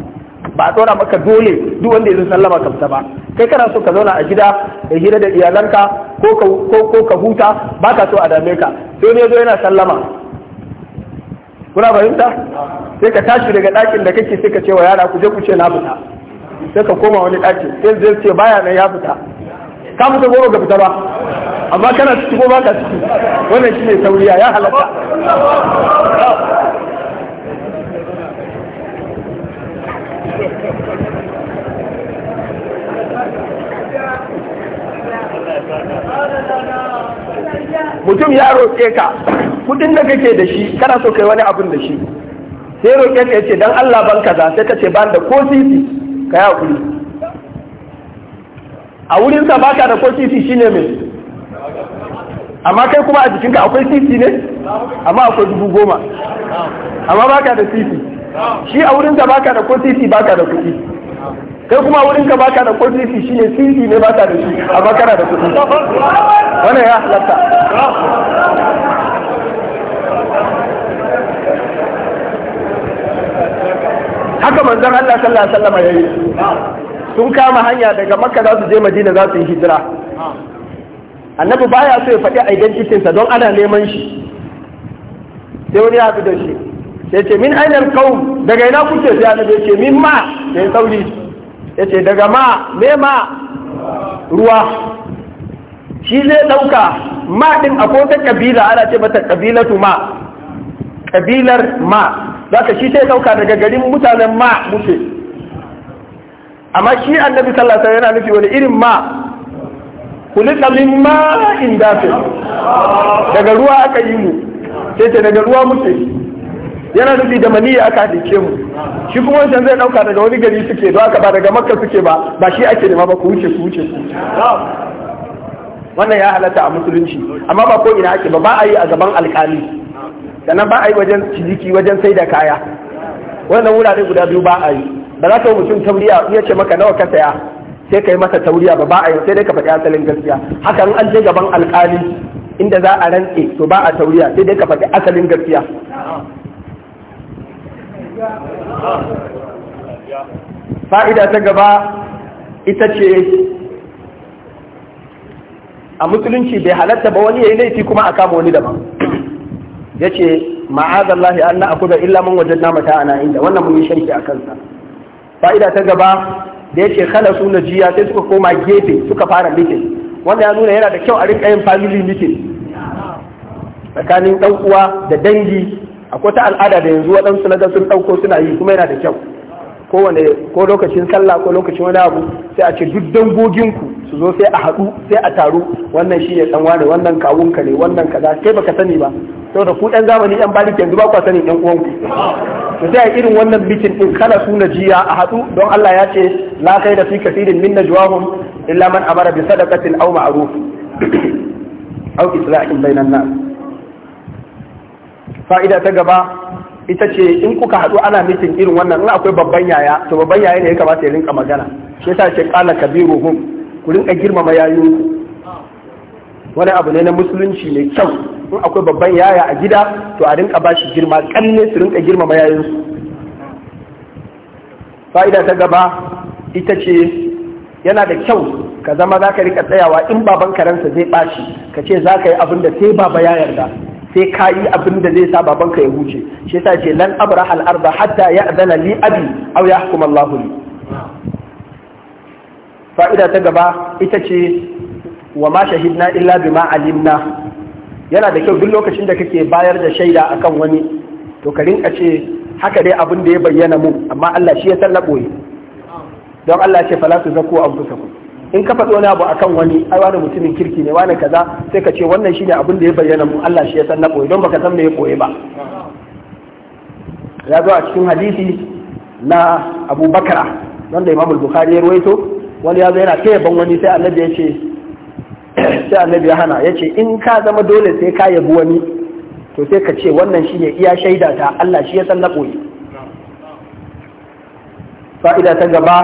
ba a tsora maka dole duk wanda ya zo sallama ka fita ba kai kana so ka zauna a gida da hira da iyalanka ko ka huta baka so a dame ka sai ne zo yana sallama kuna fahimta sai ka tashi daga ɗakin da kake sai ka ce wa yara ku je ku ce na fita sai ka koma wani ɗakin sai zai ce baya nan ya fita ka fita goro ga fita ba amma kana ciki ko ba ka ciki wannan shine sauriya ya halatta mutum ya roƙe ka kudin da kake da shi kana so kai wani abun da shi sai roƙe ka yace dan Allah ban kaza sai ka ce ban da ko sisi ka yi kudi. a wurin sa baka da ko sisi shine me. amma kai kuma a jikinka akwai sisi ne amma akwai dubu goma amma baka da sisi shi a wurin sa baka da ko sisi baka da kuɗi kai kuma wurin ka baka da ko sisi shine sisi ne baka da shi amma kana da kuɗi wannan ya halatta haka manzon Allah sallallahu alaihi wasallam yayi sun kama hanya daga makka za su je madina za su yi hijira annabi baya so ya faɗi identity sa don ana neman shi sai wani ya da shi sai ce min ainar kaum daga ina kuke sai annabi ya ce min ma sai sauri ya ce daga ma me ma ruwa shi zai ɗauka ma ɗin a ta kabila ana ce mata kabilatu ma kabilar ma zaka shi sai dauka daga garin mutanen ma muke amma shi annabi sallallahu alaihi yana nufi wani irin ma kulika min in dafe daga ruwa aka yi mu sai ce daga ruwa muke yana nufi da maniya aka hadice mu shi kuma wancan zai dauka daga wani gari suke don aka ba daga makka suke ba ba shi ake nema ba ku wuce ku wuce wannan ya halatta a musulunci amma ba ko ina ake ba ba a yi a gaban alkali sannan ba a yi wajen ciniki wajen sai da kaya wannan wurare guda biyu ba a yi ba za ka yi mutum tauriya ya ce maka nawa ka saya sai ka yi masa tauriya ba ba a yi sai dai ka faɗi asalin gaskiya haka in an je gaban alƙali inda za a rantse to ba a tauriya sai dai ka faɗi asalin gaskiya fa'ida ta gaba ita ce a musulunci bai halatta ba wani ya yi laifi kuma a kama wani daban yace ma'adallahi an na akuda illa man wajen mata ana inda wannan mun yi a kansa fa'ida ta gaba da yace suna jiya sai suka koma gefe suka fara mitin wanda ya nuna yana da kyau a rinka yin family tsakanin dan da dangi akwai ta al'ada da yanzu waɗansu na sun ɗauko suna yi kuma yana da kyau kowane ko lokacin sallah ko lokacin wani abu sai a ce duk dangoginku su zo sai a haɗu sai a taru wannan shi ya ɗan wani wannan kawun ka ne wannan kaza sai baka sani ba da ku ɗan zamani ɗan baliki yanzu ba ku sanin ɗan uwanku. ku to sai a irin wannan bikin din kana su na jiya a haɗu don Allah ya ce la kai da fi kafirin min najwahum illa man amara bi sadaqatin aw ma'ruf aw islahin bainan nas fa'ida ta gaba ita ce in kuka haɗu ana mitin irin wannan in akwai babban yaya to babban yaya ne ya kamata ya rinka magana shi yasa ce qala kabiruhum ku rinka girmama yayinku wani abu ne na musulunci mai kyau in akwai babban yaya a gida to a rinka ba shi girma kanne su rinka girmama yayinsu fa'ida ta gaba ita ce yana da kyau ka zama zaka rika tsayawa in baban karansa zai ɓaci ka ce za yi abin da sai baba ya yarda sai ka yi abin da zai sa babanka ya huce shi yasa ce lan abraha al-arda hatta ya'dana li abi aw yahkum Allah li fa'ida ta gaba ita ce wa ma shahidna illa bima alimna yana da kyau duk lokacin da kake bayar da shaida akan wani to ka rinka ce haka dai abin da ya bayyana mu amma Allah shi ya sallaboye don Allah ce fala tu zaku anfusakum in ka faɗi wani abu akan wani ai wani mutumin kirki ne wani kaza sai ka ce wannan shine abin da ya bayyana mu Allah shi ya san na koyi don baka san me ya koyi ba ya zo a cikin hadisi na Abu Bakara wanda Imam Bukhari ya ruwaito wani ya zo yana ta ban wani sai Annabi ya ce sai Annabi ya hana ya ce in ka zama dole sai ka yabi wani to sai ka ce wannan shine iya shaida ta Allah shi ya san na koyi fa'ida ta gaba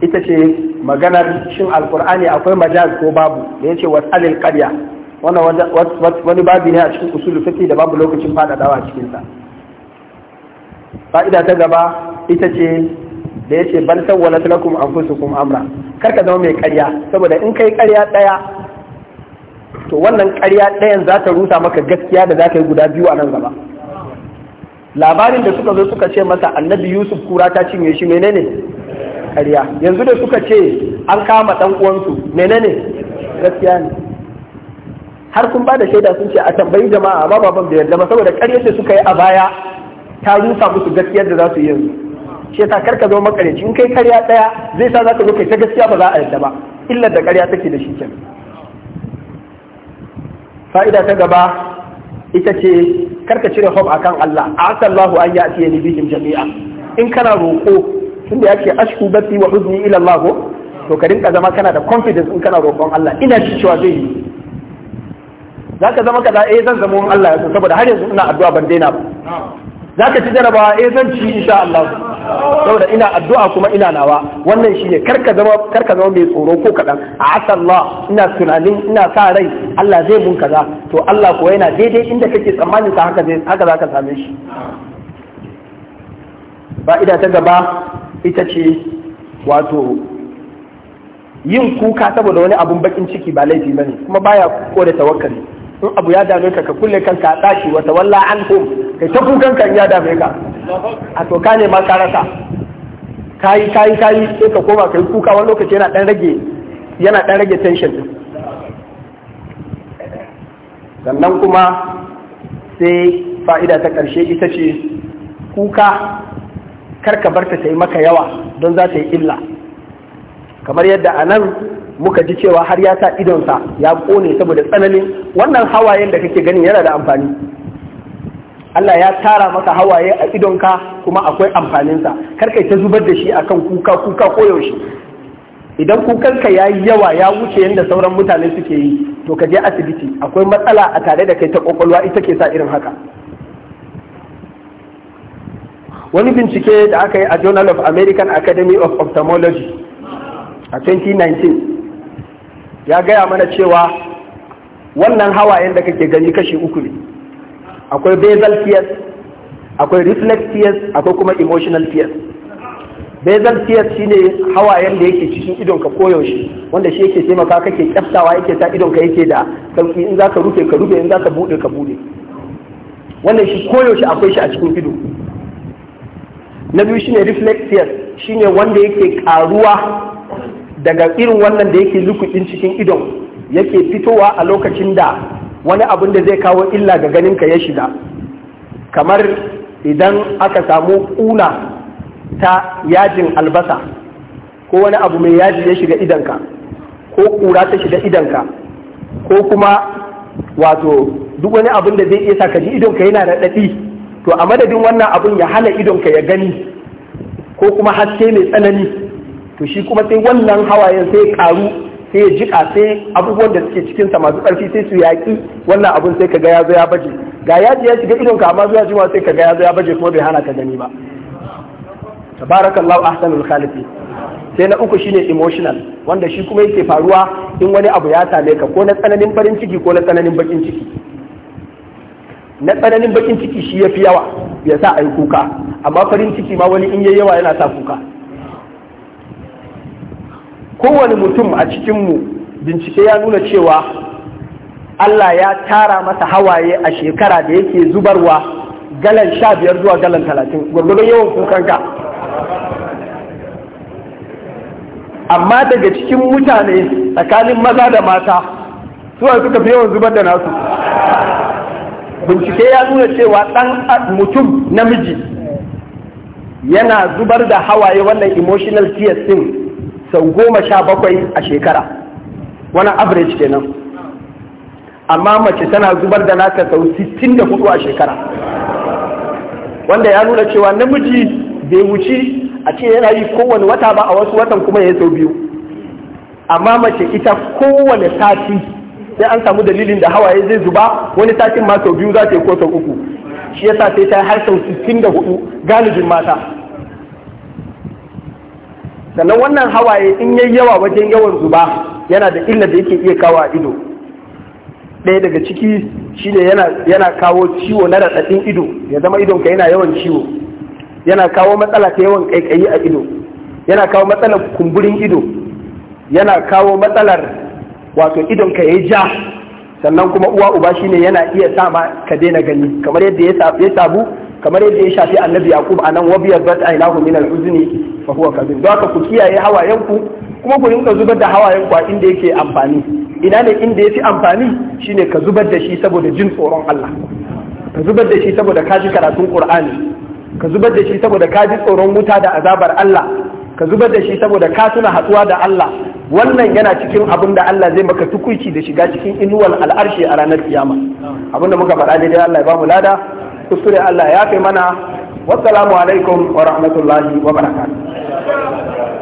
ita ce maganar shin alkur'ani akwai majaz ko babu da yace wasalil qarya karya, wani babi ne a cikin usul fiki da babu lokacin fadadawa a cikinsa. fa'ida ta gaba ita ce da yace bal sawwalat lakum kuma amra kar ka zama mai karya saboda in kai karya ɗaya to wannan karya ɗayan za ta rusa maka gaskiya da za ka yi guda biyu a nan gaba labarin da suka zo suka ce masa annabi yusuf kura ta cinye shi menene ƙarya yanzu da suka ce an kama ɗan uwansu menene gaskiya ne har sun ba da shaida sun ce a tambayi jama'a amma baban da yarda saboda ƙaryar da suka yi a baya ta rusa musu gaskiyar da za su yi yanzu shi yasa karka zo makareci in kai ƙarya ɗaya zai sa za ka zo kai ta gaskiya ba za a yarda ba illar da ƙarya take da shi kenan fa'ida ta gaba ita ce karka cire hope akan Allah a asallahu an ya ni bihim jami'a in kana roƙo da ya ce ashku basi wa huzni ila Allah to ka rinka zama kana da confidence in kana roƙon Allah ina shi cewa zai yi Za ka zama kaza eh zan zama Allah ya so saboda har yanzu ina addu'a ban daina ba Za ka ci jarabawa eh zan ci insha Allah saboda ina addu'a kuma ina nawa wannan shine karka zama ka zama mai tsoro ko kadan a asallah ina tunanin ina sa rai Allah zai mun kaza to Allah ko yana daidai inda kake tsammanin sa haka zai haka zaka same shi fa'ida ta gaba ita ce wato yin kuka saboda wani abun bakin ciki ba laifi ba ne kuma baya da tawakkali in abu ya dame ka ka kulle kanka a tashi wata walla an ko kai ta kukan kan ya dame ka a to ka ne ma ka rasa kayi kayi kayi sai ka koma kai kuka wani lokaci yana dan rage yana dan rage tension din sannan kuma sai fa'ida ta karshe ita ce kuka kar ka barta ta yi maka yawa don za ta yi illa kamar yadda a nan muka ji cewa har ya sa idonsa ya kone saboda tsananin wannan hawayen da kake gani yana da amfani Allah ya tara maka hawaye a idonka kuma akwai amfaninsa kar kai ta zubar da shi akan kuka kuka koyaushe idan kukanka ya yi yawa ya wuce yadda sauran mutane suke yi to ka je asibiti akwai matsala a tare da kai ta kwakwalwa ita ke sa irin haka wani bincike da aka yi a journal of american academy of ophthalmology a 2019 ya gaya mana cewa wannan hawayen da kake gani kashi uku ne akwai basal tears akwai reflex tears akwai kuma emotional tears basal tears shine hawayen da yake cikin idonka koyaushe wanda shi yake taimaka kake kyaftawa yake idon idonka yake da sauki in za ka rufe ka rufe in za ka bude ka bude wannan shi koyaushe akwai shi a cikin ido na biyu shine shi shine wanda yake karuwa daga irin wannan da yake lukudin cikin idon yake fitowa a lokacin da wani abin da zai kawo illa ga ganinka ya shiga kamar idan aka samu kuna ta yajin albasa ko wani abu mai yaji ya shiga idanka ko kura ta shiga idanka ko kuma wato duk wani abin da zai iya sa ka ji idonka yana da raɗaɗi to a madadin wannan abun ya hana idonka ya gani ko kuma haske mai tsanani to shi kuma sai wannan hawayen sai karu sai jika sai abubuwan da suke cikinsa masu karfi sai su yaƙi wannan abun sai kaga ya zo ya baje ga yaji ya shiga idonka amma zuwa jima sai kaga ya zo ya baje kuma bai hana ka gani ba tabarakallahu ahsanul khaliqi sai na uku shine emotional wanda shi kuma yake faruwa in wani abu ya same ka ko na tsananin farin ciki ko na tsananin bakin ciki na tsananin bakin ciki shi ya fi yawa ya sa a yi kuka amma farin ciki ma wani in yi yawa yana sa kuka kowane mutum a cikinmu bincike ya nuna cewa Allah ya tara masa hawaye a shekara da yake zubarwa galan sha biyar zuwa galan talatin gwargwadon yawan kukanka amma daga cikin mutane tsakanin maza da mata suwa suka fi yawan zubar da nasu bincike ya nuna cewa ɗan mutum namiji yana zubar da hawaye wannan emotional tears din sau goma sha bakwai a shekara wani average kenan amma mace tana zubar da naka sau 64 a shekara wanda ya nuna cewa namiji bai wuci a ce yana yi kowane wata ba a wasu watan kuma ya sau biyu amma mace ita kowane sati sai an samu dalilin da hawaye zai zuba wani satin ma sau biyu za ta yi ko sau uku shi yasa sai ta yi har sau da hudu galibin mata sannan wannan hawaye in yayi yawa wajen yawan zuba yana da illa da yake iya kawo a ido ɗaya daga ciki shi yana yana kawo ciwo na raɗaɗin ido ya zama idon ka yana yawan ciwo yana kawo matsala ta yawan ƙaiƙayi a ido yana kawo matsalar kumburin ido yana kawo matsalar wato idon ka ya ja sannan kuma uwa uba shine yana iya sa ma ka daina gani kamar yadda ya sabu kamar yadda ya shafi annabi yaqub anan wabiyadat aynahu min al-uzni fa huwa kadhib don ka ku kiyaye hawayenku kuma ku rinka zubar da hawayen ku inda yake amfani ina ne inda yafi amfani shine ka zubar da shi saboda jin tsoron Allah ka zubar da shi saboda ka ji karatun Qur'ani ka zubar da shi saboda ka ji tsoron wuta da azabar Allah ka zubar da shi saboda ka tuna hatsuwa da Allah wannan yana cikin abin da Allah zai maka tukuici da shiga cikin inuwal al'arshi a ranar kiyama abin da muka faɗa daidai Allah ya bamu lada kusure Allah ya kai mana wassalamu alaikum wa rahmatullahi wa barakatuh